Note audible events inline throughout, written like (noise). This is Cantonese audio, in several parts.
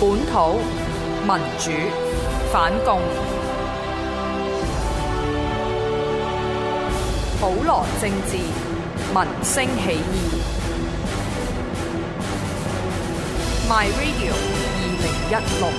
本土民主反共，普羅政治民生起義。My Radio 二零一六。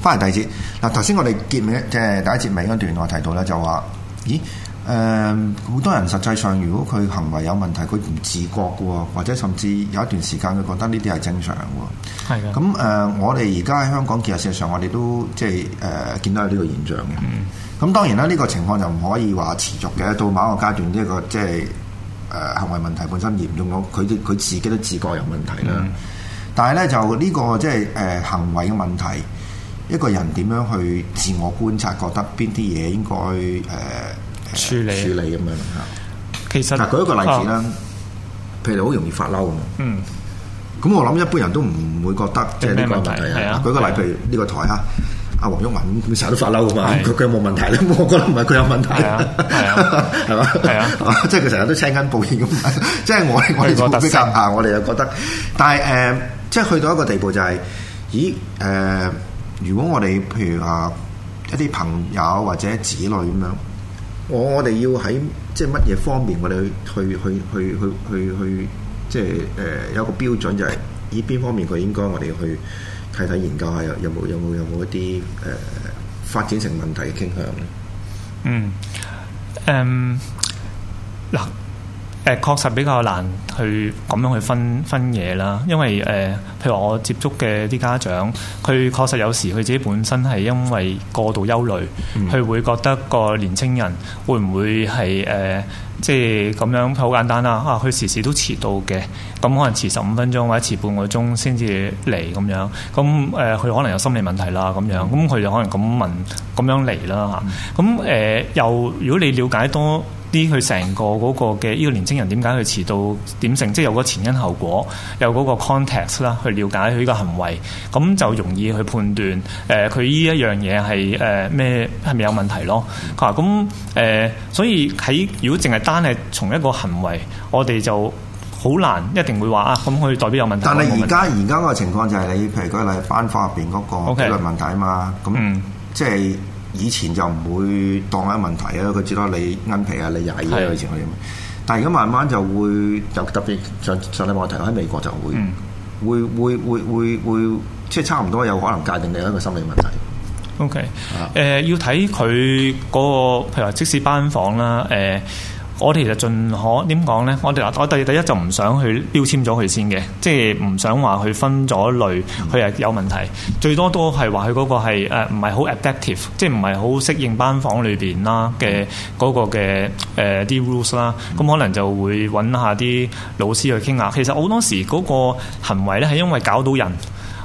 翻嚟第二節，嗱頭先我哋結尾，即係第一節尾嗰段話提到咧，就話咦？誒，好、嗯、多人實際上，如果佢行為有問題，佢唔自覺嘅喎，或者甚至有一段時間佢覺得呢啲係正常嘅。係咁誒，我哋而家喺香港，其實事實上我，我哋都即係誒見到有呢個現象嘅。咁、嗯、當然啦，呢、呢個情況就唔可以話持續嘅。到某一個階段、呢個，呢個即係誒、呃、行為問題本身嚴重咗，佢佢自己都自覺有問題啦。嗯、但係咧，就呢、呢個即係誒、呃、行為嘅問題，一個人點樣去自我觀察，覺得邊啲嘢應該誒？呃處理處理咁樣嚇，其實但係舉一個例子啦，譬如你好容易發嬲咁。嗯，咁我諗一般人都唔會覺得即係呢個問題係啊。舉個例，譬如呢個台啊，阿黃毓民佢成日都發嬲噶嘛，佢佢有冇問題咧？我覺得唔係佢有問題，係啊，係啊，係啊，即係佢成日都青筋暴現咁。即係我我哋比我哋又覺得，但係誒，即係去到一個地步就係，咦誒？如果我哋譬如啊，一啲朋友或者子女咁樣。我我哋要喺即係乜嘢方面我，我哋去去去去去去即係誒、呃、有個標準就係以邊方面佢應該我哋去睇睇研究下有，有有冇有冇有冇一啲誒、呃、發展成問題嘅傾向咧？嗯，嗱、呃。誒確實比較難去咁樣去分分嘢啦，因為誒、呃，譬如我接觸嘅啲家長，佢確實有時佢自己本身係因為過度憂慮，佢、嗯、會覺得個年青人會唔會係誒、呃，即係咁樣好簡單啦，啊，佢時時都遲到嘅，咁可能遲十五分鐘或者遲半個鐘先至嚟咁樣，咁誒，佢、呃、可能有心理問題啦咁樣，咁佢就可能咁問咁樣嚟啦嚇，咁誒、呃、又如果你了解多啲佢成個嗰個嘅呢、這個年青人點解佢遲到點成，即係有個前因後果，有嗰個 context 啦，去了解佢呢個行為，咁就容易去判斷，誒佢呢一樣嘢係誒咩係咪有問題咯？佢咁誒，所以喺如果淨係單係從一個行為，我哋就好難一定會話啊，咁佢代表有問題。但係而家而家個情況就係你，譬如舉例班花入邊嗰個都有問題啊嘛，咁即係。以前就唔會當係問題啊，佢最多你頑皮啊，你踩嘢以前嗰啲。但係而家慢慢就會，就特別上上次我提到喺美國就會，嗯、會會會會會，即係差唔多有可能界定你一個心理問題。OK，誒 Yeah.、呃、要睇佢嗰個，譬如話即使班房啦，誒、呃。我哋就實盡可點講呢？我哋我第第一就唔想去標籤咗佢先嘅，即係唔想話佢分咗類，佢係有問題。最多都係話佢嗰個係唔係、呃、好 adaptive，即係唔係好適應班房裏邊啦嘅嗰個嘅誒啲 rules 啦。咁、嗯呃、可能就會揾下啲老師去傾下。其實好多時嗰個行為呢，係因為搞到人。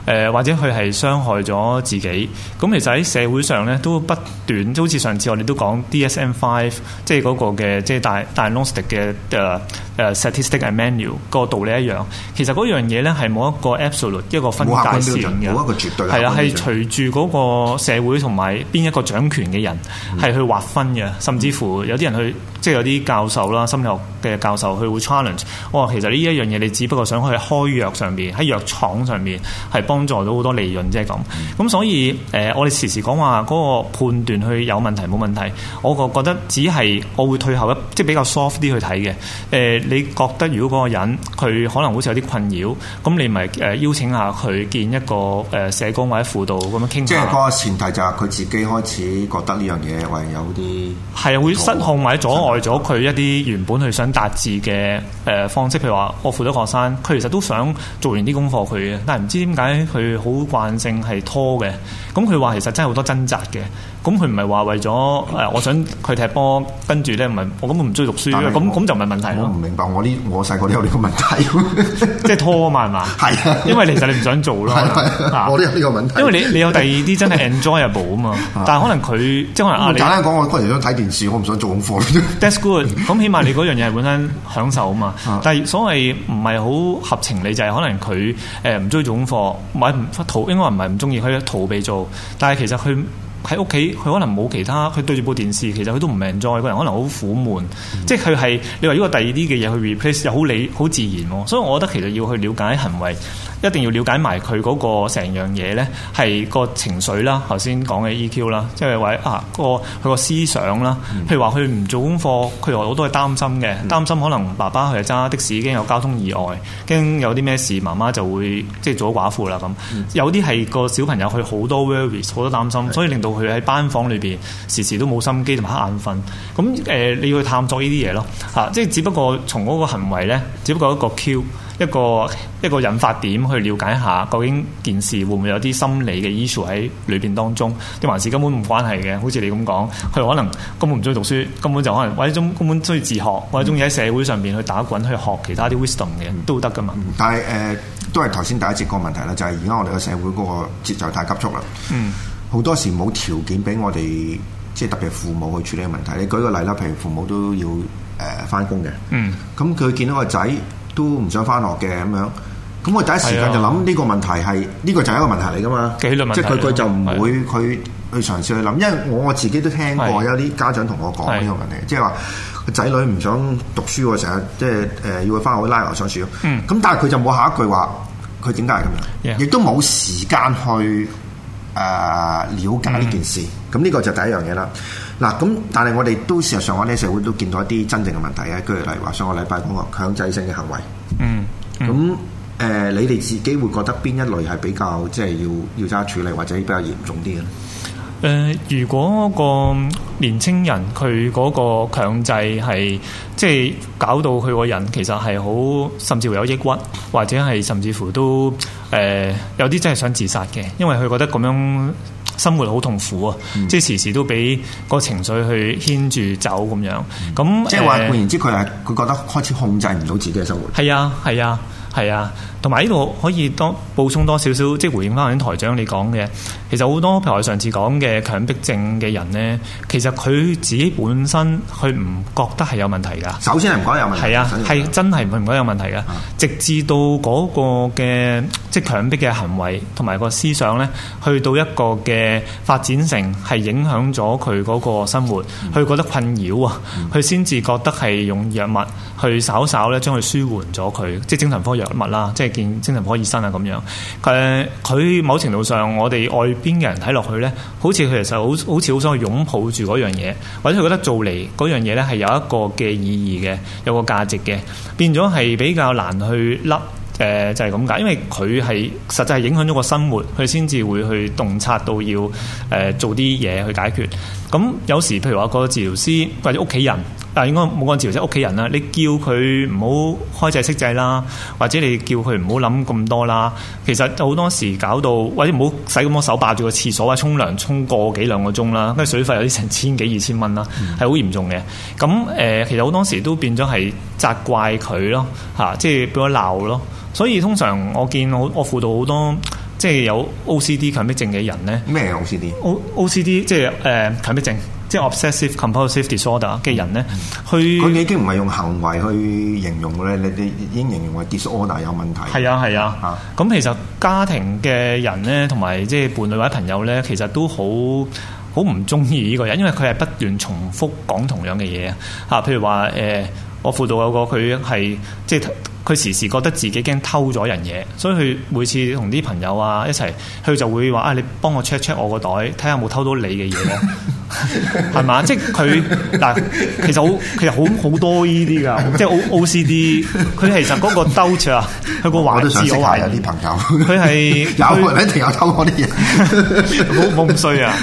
誒或者佢係傷害咗自己，咁其實喺社會上咧都不斷，即好似上次我哋都講 DSM Five，即係個嘅即係大 Diagnostic 嘅誒誒 statistic and manual 個道理一樣，其實樣嘢咧係冇一個 absolute 一個分界線嘅，冇一個絕對，係啦，係隨住個社會同埋邊一個掌權嘅人係去劃分嘅，嗯、甚至乎有啲人去即係、就是、有啲教授啦，心理學嘅教授佢會 challenge，哇、哦，其實呢一樣嘢你只不過想去開藥上面，喺藥廠上面，係幫。幫助咗好多利潤，即係咁。咁、就是、所以，誒、呃、我哋時時講話，嗰個判斷去有問題冇問題，我個覺得只係我會退後一，即係比較 soft 啲去睇嘅。誒、呃、你覺得如果個人佢可能會有啲困擾，咁你咪誒邀請下佢見一個誒、呃、社工或者輔導咁樣傾下。即係、嗰個前提就係佢自己開始覺得呢樣嘢為有啲係、啊、會失控或者阻礙咗佢一啲原本去想達至嘅誒方式，譬如話我輔導學生，佢其實都想做完啲功課佢但係唔知點解，佢好慣性係拖嘅，咁佢話：“其實真係好多掙扎嘅。”咁佢唔係話為咗誒，我想去踢波，跟住咧，唔係我根本唔中意讀書，咁咁就唔係問題咯。我唔明白，我呢我細個都有呢個問題，即係拖嘛係嘛？係因為其實你唔想做啦。我都有呢個問題，因為你你有第二啲真係 enjoyable 啊嘛，但係可能佢即係可能阿。簡單講，我嗰陣想睇電視，我唔想做功課。That's good，咁起碼你嗰樣嘢係本身享受啊嘛。但係所謂唔係好合情理就係可能佢誒唔中意做功課，唔逃應該唔係唔中意，佢逃避做，但係其實佢。喺屋企，佢可能冇其他，佢對住部電視，其實佢都唔明在嘅人，可能好苦悶，嗯、即係佢係你話依個第二啲嘅嘢去 replace 又好理好自然，所以我覺得其實要去了解啲行為。一定要了解埋佢嗰個成樣嘢咧，係個情緒啦，頭先講嘅 EQ 啦，即係話啊個佢個思想啦。譬如話佢唔做功課，佢我好多係擔心嘅，擔心可能爸爸佢揸的士已經有交通意外，驚有啲咩事，媽媽就會即係做咗寡婦啦咁。嗯、有啲係個小朋友佢好多 worries，好多擔心，的所以令到佢喺班房裏邊時時都冇心機同埋黑眼瞓。咁誒、呃、你要去探索呢啲嘢咯嚇，即係只不過從嗰個行為咧，只不過一個 Q。一個一個引發點去了解一下，究竟件事會唔會有啲心理嘅 issue 喺裏邊當中？定還是根本唔關係嘅？好似你咁講，佢可能根本唔中意讀書，根本就可能或者中根本中意自學，嗯、或者中意喺社會上邊去打滾去學其他啲 wisdom 嘅、嗯、都得噶嘛。但係誒、呃，都係頭先第一節個問題啦，就係而家我哋個社會嗰個節奏太急促啦。嗯，好多時冇條件俾我哋，即係特別父母去處理問題。你舉個例啦，譬如父母都要誒翻工嘅。嗯，咁佢、嗯、見到個仔。都唔想翻學嘅咁樣，咁我第一時間就諗呢個問題係呢的個就係一個問題嚟噶嘛，即係佢佢就唔會佢去嘗試去諗，是的 因為我自己都聽過有啲家長同我講呢個問題，是的 即係話個仔女唔想讀書喎，成日即係誒、呃、要佢翻學拉牛上樹，咁、嗯、但係佢就冇下一句話，佢點解係咁樣？亦、嗯、都冇時間去誒了解呢件事，咁呢、嗯、個就係第一樣嘢啦。嗱，咁但係我哋都事實上我哋，社會都見到一啲真正嘅問題嘅，譬如例如話上個禮拜嗰個強制性嘅行為，咁誒、嗯嗯呃，你哋自己會覺得邊一類係比較即係要要揸處理或者比較嚴重啲嘅呢？誒、呃，如果個年青人佢嗰個強制係即係搞到佢個人其實係好甚至乎有抑鬱，或者係甚至乎都誒、呃、有啲真係想自殺嘅，因為佢覺得咁樣。生活好痛苦啊！嗯、即係時時都俾個情緒去牽住走咁樣。咁、嗯、那即係話換言之，佢係佢覺得開始控制唔到自己嘅生活。係啊，係啊。係啊，同埋呢度可以多補充多少少，即係回應翻響台長你講嘅。其實好多譬如我上次講嘅強迫症嘅人呢，其實佢自己本身佢唔覺得係有問題㗎。首先係唔覺得有問題，係啊的，係真係唔覺得有問題嘅，題的直至到嗰個嘅即係強迫嘅行為同埋個思想呢，去到一個嘅發展成係影響咗佢嗰個生活，佢、嗯、覺得困擾啊，佢先至覺得係用藥物。去稍稍咧將佢舒緩咗佢，即係精神科藥物啦，即係見精神科醫生啊咁樣。誒，佢某程度上，我哋外邊嘅人睇落去咧，好似佢其實好好似好想去擁抱住嗰樣嘢，或者佢覺得做嚟嗰樣嘢咧係有一個嘅意義嘅，有個價值嘅，變咗係比較難去甩誒、呃，就係咁解。因為佢係實際係影響咗個生活，佢先至會去洞察到要誒、呃、做啲嘢去解決。咁有時譬如話、個治療師或者屋企人。但應該冇按條仔屋企人啦，你叫佢唔好開掣熄掣啦，或者你叫佢唔好諗咁多啦。其實好多時搞到或者唔好使咁多手霸住個廁所啊，沖涼沖個幾兩個鐘啦，跟住水費有啲成千幾二千蚊啦，係好、嗯、嚴重嘅。咁誒、呃，其實好多時都變咗係責怪佢咯，嚇，即係俾我鬧咯。所以通常我見我我輔導好多即係有 OCD 強迫症嘅人咧，咩 OCD？O OCD 即係誒、呃、強迫症。即係 obsessive-compulsive disorder 嘅人咧，佢佢已經唔係用行為去形容嘅咧，你你已經形容為 disorder 有問題。係啊係啊，咁、啊啊、其實家庭嘅人咧，同埋即係伴侶或者朋友咧，其實都好好唔中意呢個人，因為佢係不斷重複講同樣嘅嘢啊。嚇，譬如話誒、呃，我輔導有個佢係即係。佢時時覺得自己驚偷咗人嘢，所以佢每次同啲朋友啊一齊，佢就會話：啊，你幫我 check check 我個袋，睇下有冇偷到你嘅嘢咯，係嘛？ (laughs) 即係佢嗱，其實好其實好好多呢啲噶， (laughs) 即係 O O C D。佢其實嗰個兜住啊，佢個懷疑，我懷疑啲朋友，佢 (laughs) 係有人一定有偷我啲嘢，好冇唔衰啊！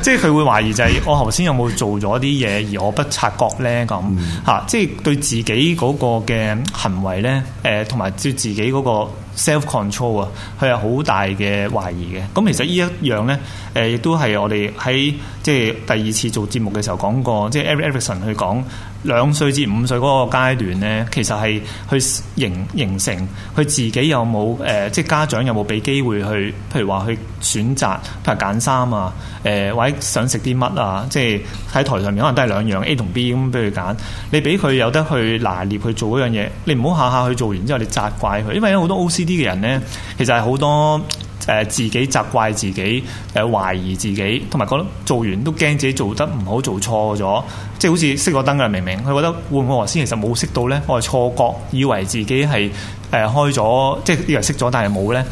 即係佢會懷疑就係我頭先有冇做咗啲嘢而我不察覺咧咁嚇， (laughs) (laughs) 即係對自己嗰個嘅行為咧。誒，同埋照自己嗰個 self-control 啊，佢係好大嘅懷疑嘅。咁其實依一樣咧，誒亦都係我哋喺即係第二次做節目嘅時候講過，即、就、係、是、Erik Erikson 去講，兩歲至五歲個階段咧，其實係去形形成佢自己有冇誒、呃、即係家長有冇俾機會去，譬如話去選擇，譬如揀衫啊，誒、呃、或者想食啲乜啊，即係喺台上面可能都係兩樣 A 同 B 咁俾佢揀，你俾佢有得去拿捏去做樣嘢，你唔好下下去做完之後你責怪佢，因為有好多 O.C. 呢啲嘅人呢，其實係好多誒、呃、自己責怪自己，誒、呃、懷疑自己，同埋覺得做完都驚自己做得唔好，做錯咗，即係好似熄個燈㗎，明明佢覺得會唔會頭先其實冇熄到呢？我係錯覺，以為自己係誒、呃、開咗，即係以為熄咗，但係冇呢。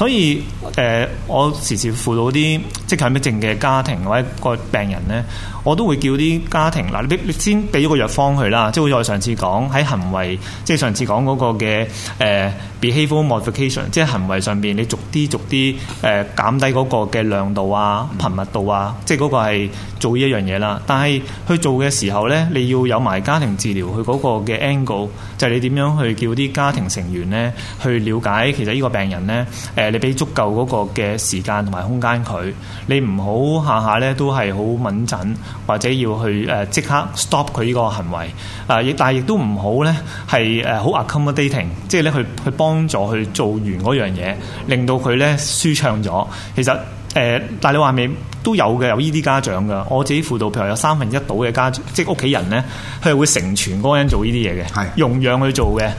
所以誒、呃，我時時輔導啲即係強迫症嘅家庭或者個病人咧，我都會叫啲家庭嗱，你你先俾個藥方佢啦。即係我再上次講喺行為，即係上次講嗰個嘅誒、呃、behaviour modification，即係行為上邊你逐啲逐啲誒、呃、減低嗰個嘅量度啊、頻密度啊，即係嗰個係做呢一樣嘢啦。但係去做嘅時候咧，你要有埋家庭治療，佢嗰個嘅 angle 就係你點樣去叫啲家庭成員咧去了解其實呢個病人咧誒。呃。你俾足夠嗰個嘅時間同埋空間佢，你唔好下下咧都係好穩陣，或者要去誒即、呃、刻 stop 佢呢個行為。啊、呃，亦但係亦都唔好咧係誒、呃、好 accommodating，即係咧去去幫助去做完嗰樣嘢，令到佢咧舒暢咗。其實誒、呃，但係你話咪都有嘅，有呢啲家長㗎。我自己輔導，譬如有三分一到嘅家長，即係屋企人咧，佢係會成全嗰個人做呢啲嘢嘅，是容讓去做嘅，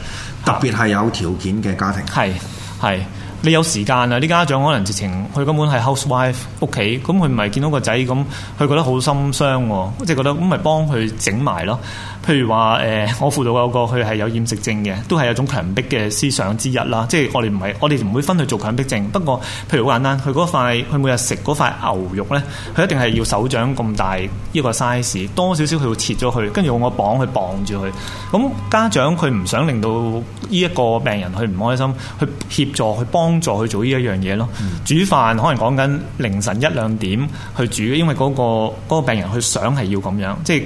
特別係有條件嘅家庭。係係。你有時間啊？啲家長可能直情佢根本係 housewife 屋企，咁佢唔係見到個仔咁，佢覺得好心傷喎，即係覺得咁咪幫佢整埋咯。譬如話誒、欸，我輔導過個佢係有厭食症嘅，都係一種強迫嘅思想之一啦。即係我哋唔係，我哋唔會分去做強迫症。不過，譬如好簡單，佢嗰塊，佢每日食嗰塊牛肉咧，佢一定係要手掌咁大依、呢個 size，多少少佢會切咗佢，跟住用個綁去綁住佢。咁家長佢唔想令到呢一個病人佢唔開心，去協助去幫助去做呢一樣嘢咯。嗯、煮飯可能講緊凌晨一兩點去煮，因為嗰、嗰個嗰個病人佢想係要咁樣，即係。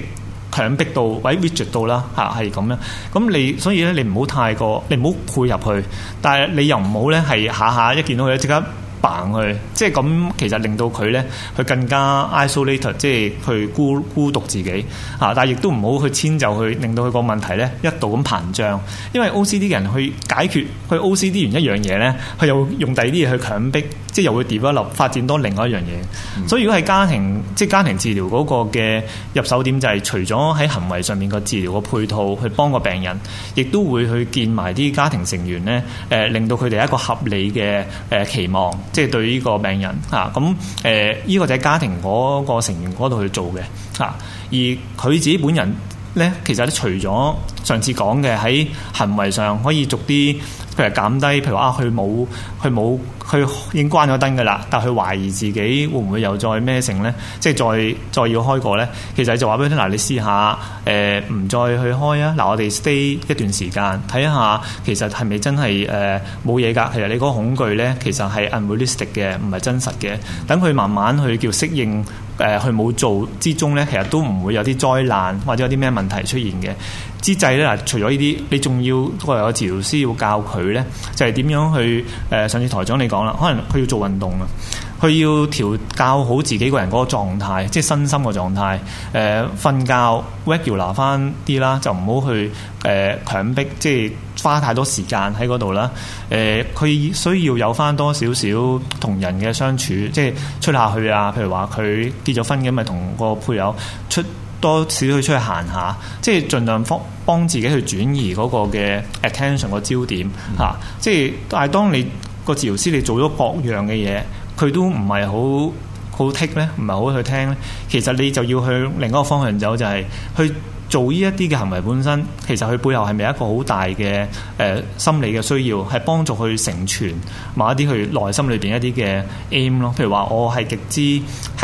強迫到，或者絕到啦，嚇係咁樣。咁你所以咧，你唔好太過，你唔好配入去，但係你又唔好咧係下下一見到佢咧即刻。棒佢，即係咁，其實令到佢咧，佢更加 isolated，即係去孤孤獨自己嚇。但係亦都唔好去遷就，去令到佢個問題咧一度咁膨脹。因為 OCD 嘅人去解決佢 OCD 完一樣嘢咧，佢又用第二啲嘢去強迫，即係又會 develop，發展多另外一樣嘢。嗯、所以如果係家庭，即係家庭治療嗰個嘅入手點，就係、是、除咗喺行為上面個治療個配套去幫個病人，亦都會去見埋啲家庭成員咧，誒令到佢哋一個合理嘅誒期望。即係對呢個病人嚇，咁、啊、誒、呢、呃，這個就係家庭嗰個成員嗰度去做嘅嚇、啊，而佢自己本人咧，其實咧除咗上次講嘅喺行為上可以逐啲。譬如減低，譬如話啊，佢冇佢冇佢已經關咗燈㗎啦，但係佢懷疑自己會唔會又再咩成咧？即係再再要開過咧？其實就話俾你聽，嗱，你試下誒唔再去開啊！嗱，呃，我哋 stay 一段時間，睇一下其實係咪真係誒冇嘢㗎？其實你嗰個恐懼咧，其實係 unrealistic 嘅，唔係真實嘅。等佢慢慢去叫適應，誒佢冇做之中咧，其實都唔會有啲災難或者有啲咩問題出現嘅。之際咧，除咗呢啲，你仲要過嚟有個治療師要教佢咧，就係、是、點樣去？誒、呃，上次台長你講啦，可能佢要做運動啊，佢要調教好自己個人嗰個狀態，即係身心個狀態。誒、呃，瞓覺 relax 翻啲啦，就唔好去誒、呃、強迫，即係花太多時間喺嗰度啦。誒、呃，佢需要有翻多少少同人嘅相處，即係出下去啊。譬如話佢結咗婚嘅，咪同個配偶出。多少去出去行下，即係盡量幫幫自己去轉移嗰個嘅 attention 個焦點吓、嗯啊。即係但係當你個治療師，你做咗各樣嘅嘢，佢都唔係好好 take 咧，唔係好去聽咧，其實你就要向另一個方向走，就係、是、去。做呢一啲嘅行為本身，其實佢背後係咪一個好大嘅誒、呃、心理嘅需要，係幫助去成全某一啲佢內心裏邊一啲嘅 aim 咯。譬如話，我係極之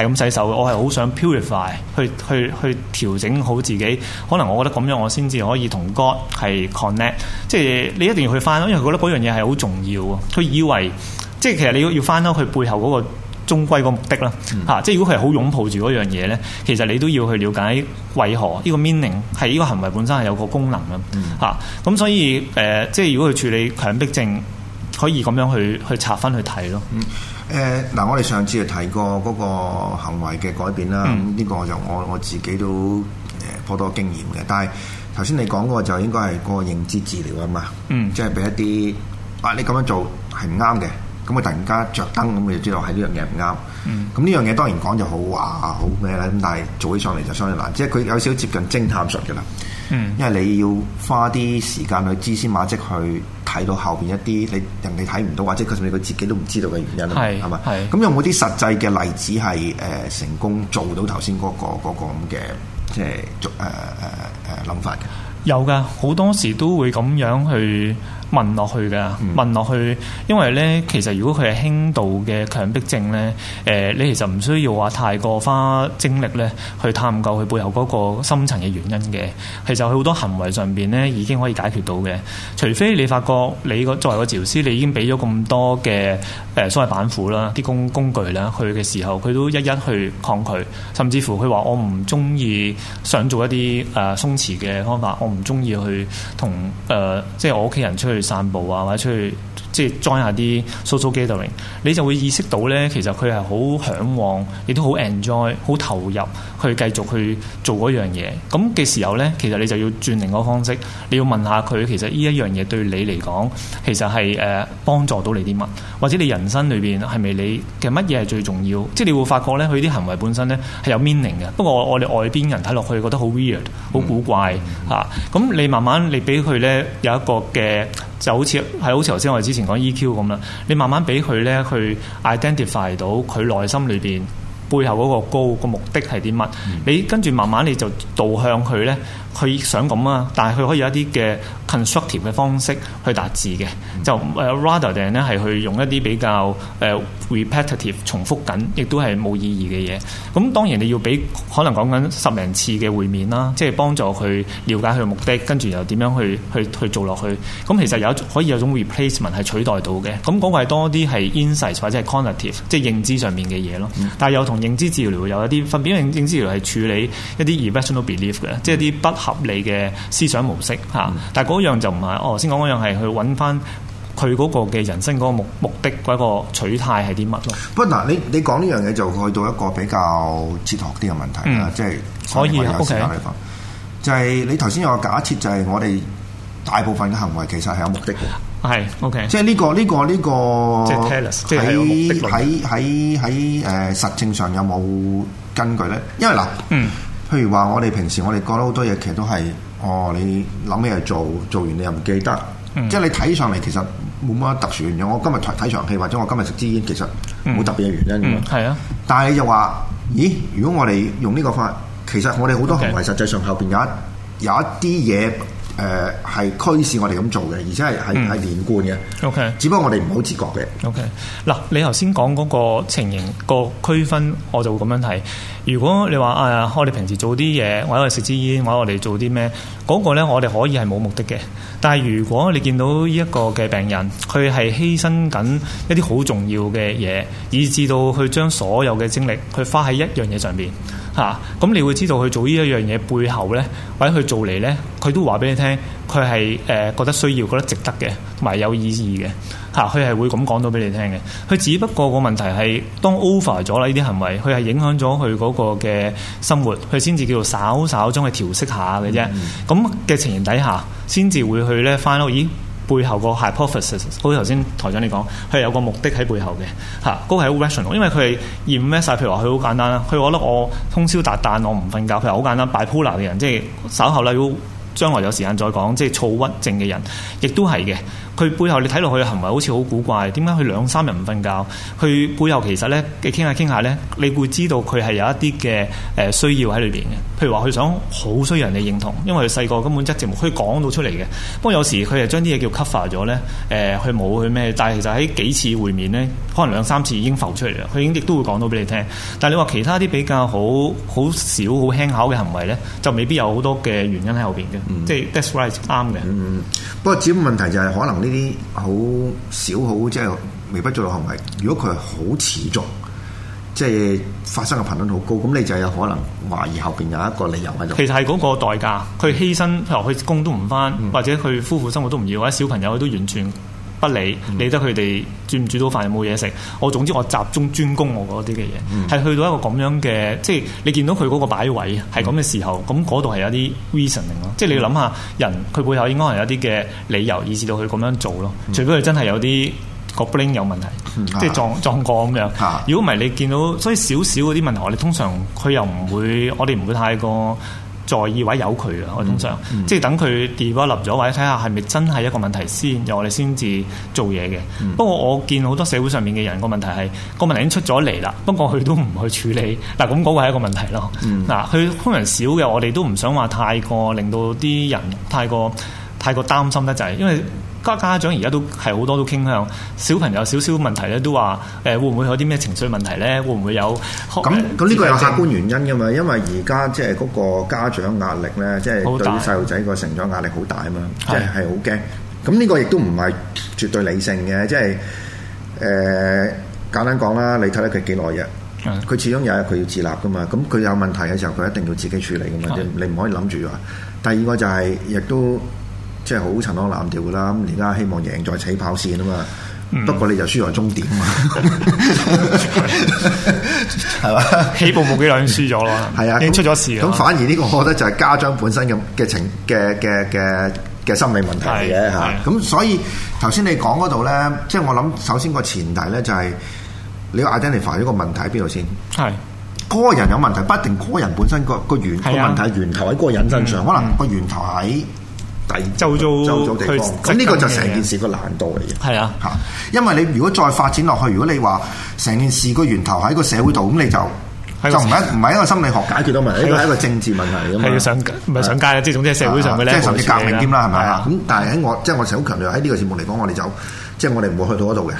係咁洗手，我係好想 purify，去去去調整好自己。可能我覺得咁樣我先至可以同 God 係 connect，即係你一定要去翻咯，因為佢覺得嗰樣嘢係好重要。佢以為即係、就是、其實你要要翻咯，佢背後嗰、那個。終歸個目的啦，嚇、嗯！即係如果佢係好擁抱住嗰樣嘢咧，其實你都要去了解為何呢個 meaning 係呢個行為本身係有個功能嘅，嚇、嗯！咁、啊、所以誒、呃，即係如果佢處理強迫症，可以咁樣去去拆分去睇咯。誒、嗯、嗱、呃呃，我哋上次就提過嗰個行為嘅改變啦，咁呢、嗯、個就我我自己都誒好、呃、多經驗嘅。但係頭先你講嗰個就應該係個認知治療啊嘛，嗯，即係俾一啲啊，你咁樣做係唔啱嘅。咁啊！突然間着燈，咁佢就知道係呢樣嘢唔啱。咁呢樣嘢當然講就好話好咩啦。咁但係做起上嚟就相對難，即係佢有少接近偵探術嘅啦。嗯、因為你要花啲時間去蛛絲馬跡去睇到後邊一啲你人哋睇唔到，或者佢佢自己都唔知道嘅原因，係嘛？係。咁有冇啲實際嘅例子係誒、呃、成功做到頭先嗰個咁嘅即係誒誒誒諗法嘅？有噶，好多時都會咁樣去。問落去嘅，嗯、問落去，因為咧，其實如果佢係輕度嘅強迫症咧，誒、呃、你其實唔需要話太過花精力咧，去探究佢背後個深層嘅原因嘅。其實佢好多行為上邊咧，已經可以解決到嘅。除非你發覺你個作為個治療師，你已經俾咗咁多嘅誒、呃、所謂板斧啦，啲工工具啦，去嘅時候，佢都一一去抗拒，甚至乎佢話我唔中意，想做一啲誒鬆弛嘅方法，我唔中意去同誒、呃、即係我屋企人出去。散步啊，或者出去即係 join 下啲 social gathering，你就會意識到咧，其實佢係好嚮往，亦都好 enjoy，好投入去繼續去做嗰樣嘢。咁嘅時候咧，其實你就要轉另一個方式，你要問下佢其實呢一樣嘢對你嚟講，其實係誒、呃、幫助到你啲乜，或者你人生裏邊係咪你嘅乜嘢係最重要？即、就、係、是、你會發覺咧，佢啲行為本身咧係有 meaning 嘅。不過我哋外邊人睇落去覺得好 weird，好古怪嚇。咁、嗯嗯啊、你慢慢你俾佢咧有一個嘅。就好似係好似頭先我哋之前講 EQ 咁啦，你慢慢俾佢咧去 identify 到佢內心裏邊背後嗰個高個目的係啲乜，嗯、你跟住慢慢你就導向佢咧。佢想咁啊，但係佢可以有一啲嘅 constructive 嘅方式去達致嘅，mm hmm. 就、uh, rather than 咧係去用一啲比較誒、uh, repetitive 重複緊，亦都係冇意義嘅嘢。咁當然你要俾可能講緊十零次嘅會面啦，即係幫助佢了解佢嘅目的，跟住又點樣去去去做落去。咁其實有可以有種 replacement 係取代到嘅。咁講係多啲係 insight 或者係 cognitive，即係認知上面嘅嘢咯。但係又同認知治療有一啲分別，因為認知治療係處理一啲 irrational belief 嘅，即係啲不合理嘅思想模式嚇，嗯、但係嗰樣就唔係，我先講嗰樣係去揾翻佢嗰個嘅人生嗰個目目的嗰個取態係啲乜咯？不過嗱，你你講呢樣嘢就去到一個比較哲學啲嘅問題、嗯、即係可以有 OK。就係、是、你頭先有個假設，就係我哋大部分嘅行為其實係有目的嘅。係 OK。即係呢個呢個呢個喺喺喺喺誒實證上有冇根據咧？因為嗱嗯。譬如話，我哋平時我哋過咗好多嘢，其實都係哦，你諗咩嘢做，做完你又唔記得，嗯、即係你睇上嚟其實冇乜特殊原因。我今日睇睇場戲，或者我今日食支煙，其實冇特別嘅原因。嗯，係啊。但係又話，咦？如果我哋用呢個方法，其實我哋好多行為實際上後邊有一 Okay. 有一啲嘢誒係驅使我哋咁做嘅，而且係係係連貫嘅。OK，只不過我哋唔好自覺嘅。OK，嗱，你頭先講嗰個情形個區分，我就會咁樣睇。如果你話誒、啊，我哋平時做啲嘢，或者我哋食支煙，或者我哋做啲咩，嗰、嗰個呢，我哋可以係冇目的嘅。但係如果你見到呢一個嘅病人，佢係犧牲緊一啲好重要嘅嘢，以至到去將所有嘅精力去花喺一樣嘢上邊嚇，咁、啊、你會知道佢做呢一樣嘢背後呢，或者佢做嚟呢，佢都話俾你聽，佢係誒覺得需要、覺得值得嘅，同埋有，有意義嘅。嚇，佢係會咁講到俾你聽嘅。佢只不過個問題係當 over 咗啦，依啲行為佢係影響咗佢嗰個嘅生活，佢先至叫做稍稍將佢調適下嘅啫。咁嘅、嗯、情形底下，先至會去咧 find out，咦，背後個 hypothesis 好似頭先台長你講，佢係有個目的喺背後嘅。嚇，嗰個係 rational，因為佢係厭 mask 晒。譬如話佢好簡單啦，佢覺得我通宵達旦我唔瞓覺，譬如好簡單，擺 bipolar 嘅人，即係稍後咧要將來有時間再講，即係躁鬱症嘅人，亦都係嘅。佢背後你睇落去嘅行為好似好古怪，點解佢兩三日唔瞓覺？佢背後其實咧，你傾下傾下咧，你會知道佢係有一啲嘅誒需要喺裏邊嘅。譬如話佢想好需要人哋認同，因為佢細個，根本執著無，可以講到出嚟嘅。不過有時佢係將啲嘢叫 cover 咗咧，誒佢冇佢咩，但係其實喺幾次會面咧，可能兩三次已經浮出嚟啦。佢已經亦都會講到俾你聽，但係你話其他啲比較好好少好輕巧嘅行為咧，就未必有好多嘅原因喺後邊嘅。嗯、即係 that's right，啱嘅、嗯。不過主要問題就係可能。.呢啲好少好即係微不足道行為。如果佢係好持續，即係發生嘅頻率好高，咁你就有可能懷疑後邊有一個理由喺度。其實係嗰個代價，佢犧牲，譬如話佢供都唔翻，嗯、或者佢夫婦生活都唔要，或者小朋友都完全。不理理得佢哋煮唔煮到飯又冇嘢食，我總之我集中專攻我嗰啲嘅嘢，係、嗯、去到一個咁樣嘅，即係你見到佢嗰個擺位係咁嘅時候，咁嗰度係有啲 reasoning 咯、嗯，即係你要諗下人佢背後應該係有啲嘅理由，以致到佢咁樣做咯。嗯、除非佢真係有啲、嗰個 bling 有問題，嗯、即係撞、啊、撞過咁樣。如果唔係你見到，所以少少嗰啲問題，我哋通常佢又唔會，我哋唔會太過。在意或者有佢啊，我通常、嗯嗯、即係等佢 develop 咗，睇下係咪真係一個問題先，然、嗯、我哋先至做嘢嘅。不過我見好多社會上面嘅人個問題係個問題已經出咗嚟啦，不過佢都唔去處理。嗱，咁嗰個係一個問題咯。嗱、嗯，佢通常少嘅，我哋都唔想話太過令到啲人太過太過擔心得滯，因為。嗯家家長而家都係好多都傾向小朋友少少問題咧，都話誒、呃、會唔會有啲咩情緒問題咧？會唔會有？咁咁呢個有客觀原因㗎嘛，因為而家即係嗰個家長壓力咧，即係對於細路仔個成長壓力好大啊嘛，即係係好驚。咁呢個亦都唔係絕對理性嘅，即係誒簡單講啦，你睇得佢幾耐日，佢、嗯、始終有日佢要自立噶嘛。咁佢有問題嘅時候，佢一定要自己處理噶嘛。嗯、你唔可以諗住話。第二個就係亦都。即係好陳腔濫調㗎啦，咁而家希望贏在起跑線啊嘛。嗯、不過你就輸在終點啊嘛，係嘛？起步冇幾兩輸咗咯。係啊，已經出咗事。咁反而呢個，我覺得就係家長本身嘅嘅情嘅嘅嘅嘅心理問題嚟嘅嚇。咁所以頭先你講嗰度咧，即係我諗首先個前提咧就係、是、你要 identify 一個問題喺邊度先。係是，個人有問題，不一定個人本身個個源、啊、個問題源頭喺個人身上，可能個源頭喺。周遭周遭地方，咁呢個就成件事個難度嚟嘅。係啊，嚇！因為你如果再發展落去，如果你話成件事個源頭喺個社會度，咁你就就唔係唔係一個心理學解決到問題，呢個係一個政治問題。係要上唔係上街啦，即係總之係社會上嘅咧，即係甚至革命添啦，係咪啊？咁但係喺我即係我好強調喺呢個節目嚟講，我哋走，即係我哋唔會去到嗰度嘅。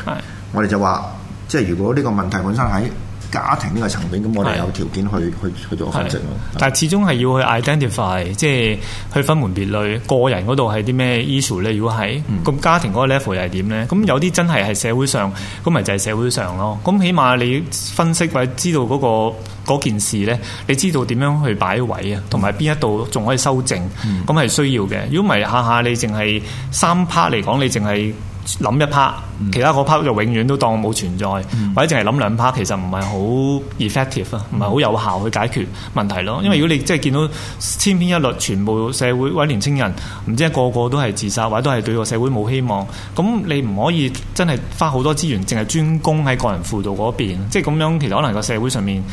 我哋就話，即係如果呢個問題本身喺。家庭呢個層面，咁我哋有條件去去的去做分析的的但係始終係要去 identify，即係去分門別類。個人嗰度係啲咩 issue 咧？如果係咁、嗯、家庭嗰個 level 又係點咧？咁有啲真係係社會上，咁咪就係社會上咯。咁起碼你分析或者知道嗰、嗰個件事咧，你知道點樣去擺位啊，同埋邊一度仲可以修正。咁係、嗯、需要嘅。如果唔係下下你淨係三 part 嚟講你，你淨係。諗一 part，嗯、其他嗰 part 就永遠都當冇存在，嗯、或者淨係諗兩 part，其實唔係好 effective 啊、嗯，唔係好有效去解決問題咯。嗯、因為如果你即係見到千篇一律，全部社會或者年青人唔知係個個都係自殺，或者都係對個社會冇希望，咁你唔可以真係花好多資源，淨係專攻喺個人輔導嗰邊。即係咁樣，其實可能個社會上面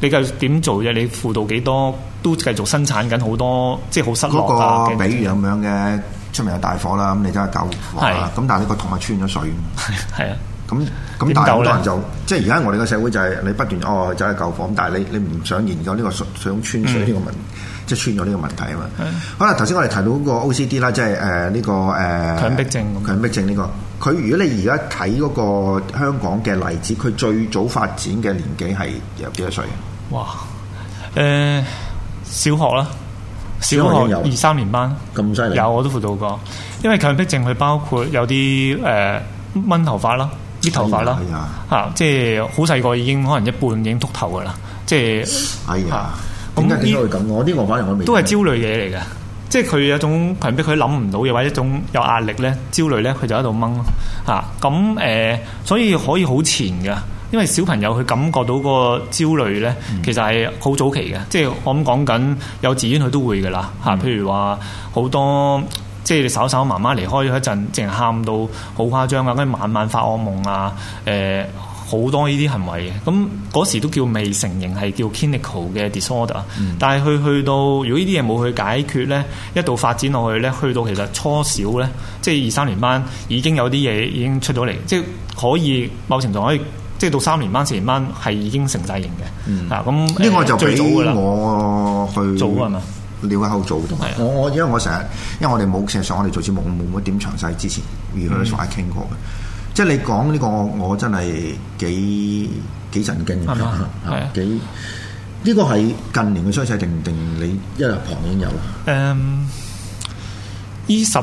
你嘅點做嘢，你輔導幾多都繼續生產緊好多，即係好失落啊。嗰個比喻咁樣嘅。出面有大火啦，咁你走去救火是 (laughs) 啊！咁但係呢個桶啊穿咗水。係啊，咁咁但係好多人就，即係而家我哋個社會就係你不斷哦，走去救火，但係你你唔想研究呢、呢個想穿水呢個問，即係穿咗呢個問題啊嘛。好啦，頭先我哋提到嗰個 OCD 啦，即係誒呢個誒強、呃、迫症。強迫症呢、呢個，佢如果你而家睇嗰個香港嘅例子，佢最早發展嘅年紀係有幾多歲啊？哇！誒、呃，小學啦。小學二三年班，咁犀利，有，我都輔導過，因為強迫症佢包括有啲誒掹頭髮啦，啲頭髮啦吓，即係好細個已經可能一半已經禿頭噶啦，即、就、係、是、哎呀咁。點解、啊、會咁？我啲我反而我都係焦慮嘢嚟嘅，即係佢有種強迫佢諗唔到嘅或者一種有壓力咧焦慮咧，佢就喺度掹咯吓。咁、啊、誒，所以可以好前噶。因為小朋友佢感覺到個焦慮呢，其實係好早期嘅，嗯、即係我咁講緊幼稚園，佢都會嘅啦嚇。嗯、譬如話好多，即係你稍稍媽媽離開咗一陣，淨係喊到好誇張啊，跟住晚晚發惡夢啊，誒、呃、好多呢啲行為嘅。咁嗰時都叫未成型，係叫 clinical 嘅 disorder、嗯但。但係佢去到如果呢啲嘢冇去解決呢，一度發展落去呢，去到其實初小呢，即係二三年班已經有啲嘢已經出咗嚟，即係可以某程度可以。即係到三年班、四年班係已經成制型嘅，嚇咁、嗯。呢個就俾我去做，啊嘛，了解好做，同埋。我我因為我成日，因為我哋冇成日上我哋做節目，冇乜點詳細之前與佢哋成日傾過嘅。嗯、即係你講呢個我，我真係幾幾神經嘅，呢個係近年嘅趨勢定定？你一為旁邊有誒二、嗯、十。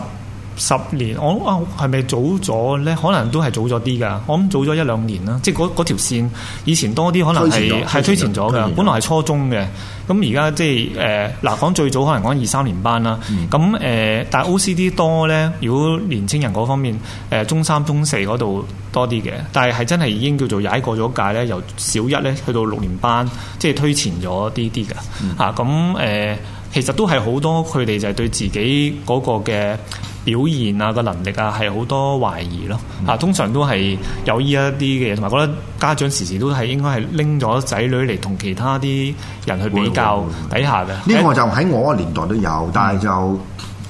十年，我啊係咪早咗呢？可能都係早咗啲㗎，我諗早咗一兩年啦。即係嗰嗰條線以前多啲，可能係係推前咗嘅。本來係初中嘅，咁而家即係誒嗱，講、呃、最早可能講二三年班啦。咁誒、嗯呃，但係 OCD 多呢？如果年青人嗰方面誒、呃、中三中四嗰度多啲嘅，但係係真係已經叫做踩過咗界呢。由小一呢去到六年班，即係推前咗啲啲嘅。嗯、啊，咁、呃、誒。呃其實都係好多佢哋就係對自己嗰個嘅表現啊、個能力啊係好多懷疑咯嚇，嗯、通常都係有呢一啲嘅嘢，同埋覺得家長時時都係應該係拎咗仔女嚟同其他啲人去比較底下嘅。呢個，個就喺我個年代都有，但係就、嗯、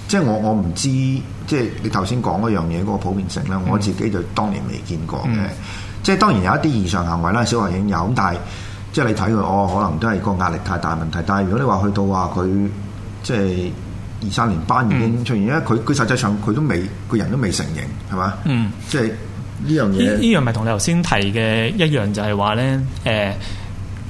即係我我唔知即係你頭先講嗰樣嘢嗰個普遍性咧，我自己就當年未見過嘅。嗯、即係當然有一啲異常行為啦，小學已經有，但係。即係你睇佢，我、哦、可能都係個壓力太大問題。但係如果你話去到話佢，即係二三年班已經出現，嗯、因為佢佢實際上佢都未個人都未成形，係嘛？嗯、即，即係呢樣嘢。呢樣咪同你頭先提嘅一樣就，就係話咧，誒，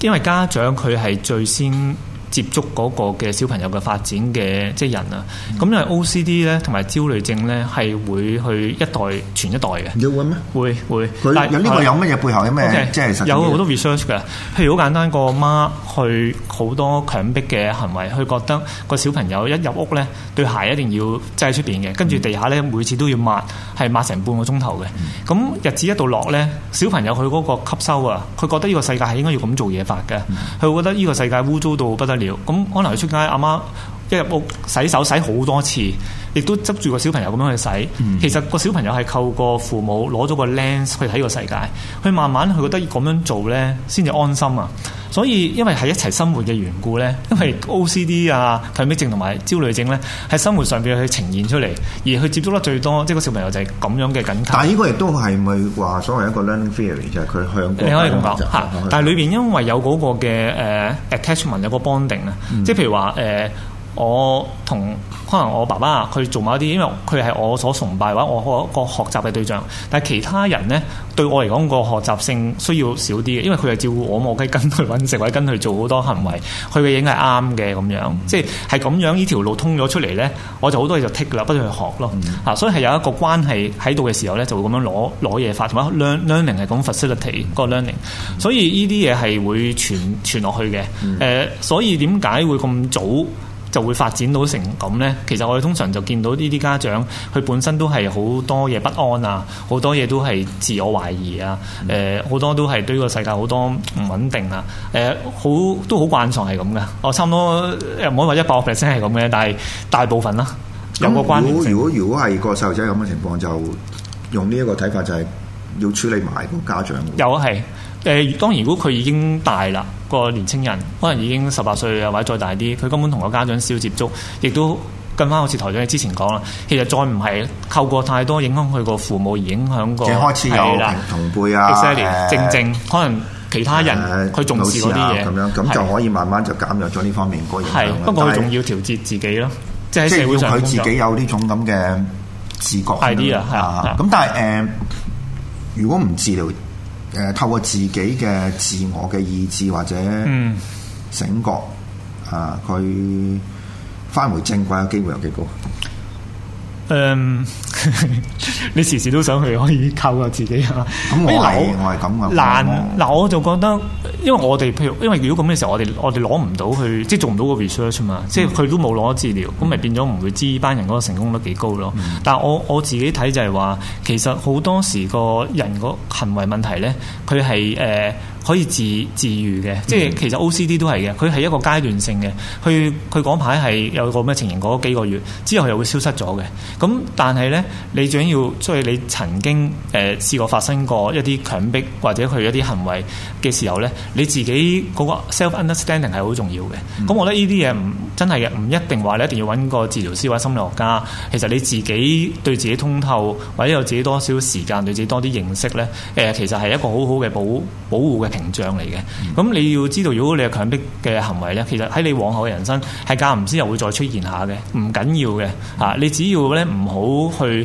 因為家長佢係最先。接觸嗰個嘅小朋友嘅發展嘅即係人啊，咁因為 OCD 咧同埋焦慮症咧係會去一代傳一代嘅。有咩？會會。但有呢個有乜嘢背後有咩即係？有好多 research 嘅，譬如好簡單個媽去好多強迫嘅行為，佢覺得個小朋友一入屋咧對鞋一定要擠喺出邊嘅，跟住地下咧每次都要抹，係抹成半個鐘頭嘅。咁日子一度落咧，小朋友佢嗰個吸收啊，佢覺得呢個世界係應該要咁做嘢法嘅，佢會覺得呢個世界污糟到不得了。咁可能出街，阿媽一入屋洗手洗好多次。亦都執住個小朋友咁樣去洗，其實個小朋友係靠個父母攞咗個 lens 去睇個世界，佢慢慢佢覺得咁樣做咧先至安心啊。所以因為係一齊生活嘅緣故咧，因為 OCD 啊、強迫症同埋焦慮症咧，喺生活上邊去呈現出嚟，而佢接觸得最多，即係個小朋友就係咁樣嘅緊扣。但係呢個亦都係咪話所謂一個 learning theory 就啫？佢向你可以咁講嚇，但係裏邊因為有嗰個嘅誒 attachment 有個 bonding 啊、嗯，即係譬如話誒。呃我同可能我爸爸佢做某一啲，因為佢係我所崇拜或者我個學習嘅對象。但係其他人咧對我嚟講個學習性需要少啲嘅，因為佢係照顧我，我梗係跟佢揾食，或者跟佢做好多行為，佢嘅影係啱嘅咁樣，即係係咁樣呢條路通咗出嚟咧，我就好多嘢就 take 啦，不斷去學咯。嗯、啊，所以係有一個關係喺度嘅時候咧，就會咁樣攞攞嘢發，同埋 learning 係咁 facility 個 learning 所、呃。所以呢啲嘢係會傳傳落去嘅。誒，所以點解會咁早？就會發展到成咁咧。其實我哋通常就見到呢啲家長，佢本身都係好多嘢不安啊，好多嘢都係自我懷疑啊。誒、mm. 呃，好多都係對呢個世界好多唔穩定啊。誒、呃，好都好慣常係咁嘅。我、哦、差唔多誒，唔可以話一百 percent 係咁嘅，但係大部分啦、啊。那有冇關係？如果如果如果係個細路仔咁嘅情況，就用呢一個睇法，就係要處理埋個家長。有啊，係誒、呃。當然，如果佢已經大啦。個年青人可能已經十八歲，又或者再大啲，佢根本同個家長少接觸，亦都跟翻好似台長之前講啦。其實再唔係透過太多影響佢個父母，而影響個。即係開始有同輩啊，正正可能其他人佢重視啲嘢。咁樣咁就可以慢慢就減弱咗呢方面個影響啦。但佢仲要調節自己咯，即係喺社會上。要佢自己有呢種咁嘅自覺啊。咁但係誒，如果唔治療？誒透過自己嘅自我嘅意志或者嗯、醒覺啊，佢翻回，回正軌嘅機會有幾高？嗯。 (laughs) 你時時都想去，可以靠下自己啊嘛。咁我我，我難，嗱我就覺得，因為我哋譬如，因為如果咁嘅時候，我哋我哋攞唔到去，即係做唔到個 research 嘛。嗯、即係佢都冇攞治療，咁咪、嗯、變咗唔會知班人嗰個成功率幾高咯。嗯、但係我我自己睇就係話，其實好多時個人個行為問題咧，佢係誒可以自自愈嘅。嗯、即係其實 OCD 都係嘅，佢係一個階段性嘅。佢佢嗰排係有個咩情形嗰幾個月，之後又會消失咗嘅。咁但係咧。你最緊要，出去，你曾經誒、呃、試過發生過一啲強迫或者佢一啲行為嘅時候咧，你自己嗰個 self understanding 係好重要嘅。咁、嗯、我覺得呢啲嘢唔真係嘅，唔一定話你一定要搵個治療師或者心理學家。其實你自己對自己通透，或者有自己多少時間對自己多啲認識咧，誒、呃，其實係一個好好嘅保保護嘅屏障嚟嘅。咁、嗯、你要知道，如果你係強迫嘅行為咧，其實喺你往後嘅人生係間唔知又會再出現下嘅，唔緊要嘅嚇、嗯啊。你只要咧唔好去。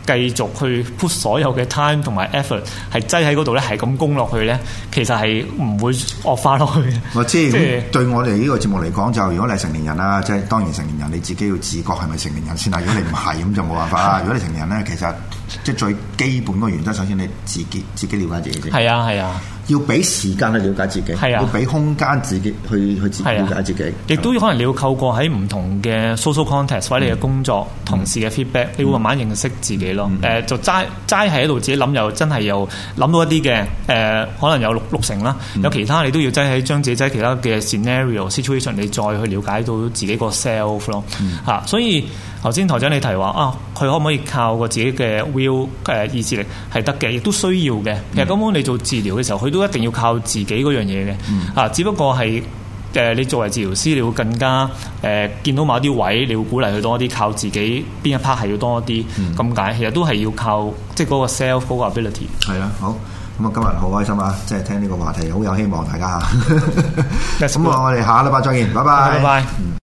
繼續去 put 所有嘅 time 同埋 effort 係擠喺度咧，係咁攻落去咧，其實係唔會惡化落去嘅。我知，即係對我哋呢個節目嚟講就如果你係成年人啦，即係當然成年人你自己要自覺係咪成年人先啦。如果你唔係咁就冇辦法啦。如果你成年人咧，其實即係最基本個原則，首先你自己自己了解自己。係啊係啊，要俾時間去了解自己，係啊，要俾空間自己去去自己了解自己。亦都可能你要透過喺唔同嘅 social context，或者你嘅工作同事嘅 feedback，你會慢慢認識自己。咯，誒就齋齋喺度自己諗，又真係又諗到一啲嘅，誒、呃、可能有六六成啦，mm hmm. 有其他你都要齋喺將自己齋其他嘅 scenario、situation，你再去了解到自己個 self 咯、mm，嚇、hmm. 啊，所以頭先台長你提話啊，佢可唔可以靠個自己嘅 will 誒意志力係得嘅，亦都需要嘅。其實根本你做治療嘅時候，佢都一定要靠自己嗰樣嘢嘅，嚇、mm hmm. 啊，只不過係。誒、呃，你作為治療師，你會更加誒、呃，見到某啲位，你會鼓勵佢多啲，靠自己邊一 part 係要多啲，咁解、嗯。其實都係要靠即係嗰個 self 嗰個 ability。係啦、啊，好咁啊、嗯，今日好開心啊，即係聽呢個話題，好有希望，大家嚇。咁啊，我哋下個禮拜再見，拜拜 bye、嗯，拜拜。